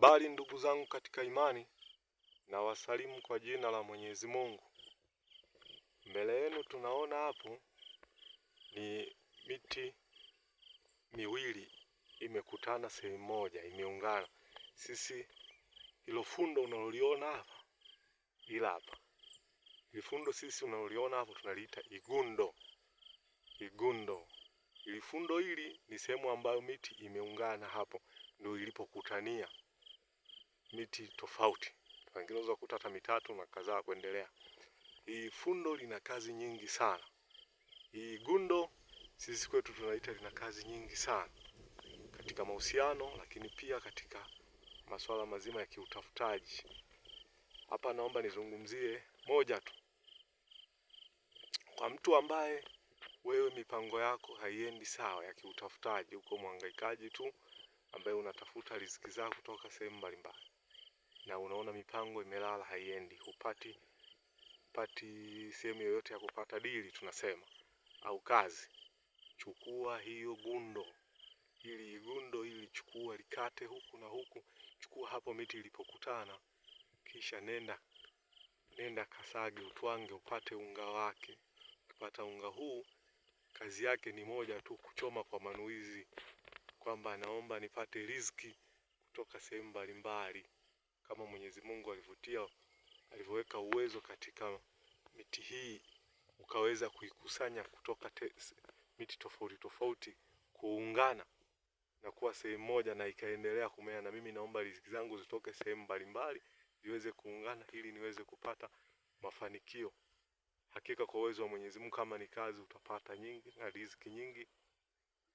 Habari ndugu zangu katika imani, na wasalimu kwa jina la Mwenyezi Mungu. Mbele yenu tunaona hapo ni miti miwili imekutana sehemu moja, imeungana. Sisi hilo fundo unaloliona hapa, ila hapa ilifundo sisi unaloliona hapo tunaliita igundo. Igundo ilifundo hili ni sehemu ambayo miti imeungana, hapo ndio ilipokutania miti tofauti, unaweza kukuta hata mitatu na kadhaa kuendelea. Hii fundo lina kazi nyingi sana. Hii gundo sisi kwetu tunaita lina kazi nyingi sana katika mahusiano, lakini pia katika masuala mazima ya kiutafutaji. Hapa naomba nizungumzie moja tu, kwa mtu ambaye wewe mipango yako haiendi sawa ya kiutafutaji, uko mwangaikaji tu ambaye unatafuta riziki zako kutoka sehemu mbalimbali na unaona mipango imelala haiendi, hupati pati sehemu yoyote ya kupata dili tunasema au kazi, chukua hiyo gundo ili gundo ili chukua likate huku na huku, chukua hapo miti ilipokutana, kisha nenda nenda kasage, utwange, upate unga wake. Ukipata unga huu, kazi yake ni moja tu, kuchoma kwa manuizi, kwamba naomba nipate riziki kutoka sehemu mbalimbali kama Mwenyezi Mungu alivyotia alivyoweka uwezo katika miti hii ukaweza kuikusanya kutoka te, miti tofauti tofauti kuungana na kuwa sehemu moja na ikaendelea kumea. Na mimi naomba riziki zangu zitoke sehemu mbalimbali ziweze kuungana ili niweze kupata mafanikio. Hakika kwa uwezo wa Mwenyezi Mungu, kama ni kazi utapata nyingi na riziki nyingi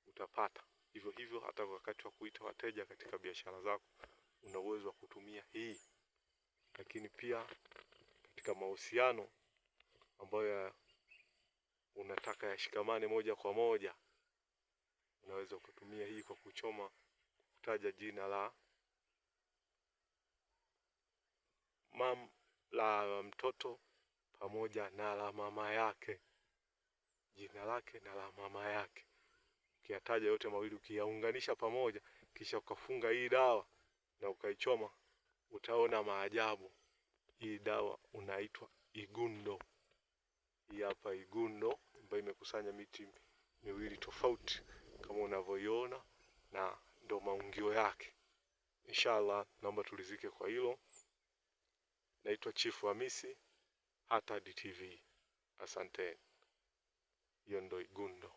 utapata, hivyo hivyo hata wakati wa kuita wateja katika biashara zako una uwezo wa kutumia hii, lakini pia katika mahusiano ambayo unataka yashikamane moja kwa moja, unaweza kutumia hii kwa kuchoma, kutaja jina la mam, la mtoto pamoja na la mama yake, jina lake na la mama yake. Ukiyataja yote mawili, ukiyaunganisha pamoja, kisha ukafunga hii dawa na ukaichoma, utaona maajabu. Hii dawa unaitwa igundo. Hii hapa igundo ambayo imekusanya miti miwili tofauti kama unavyoiona, na ndo maungio yake. Inshallah, naomba tulizike kwa hilo. Naitwa Chifu Hamisi, Hatad TV. Asanteni. Hiyo ndo igundo.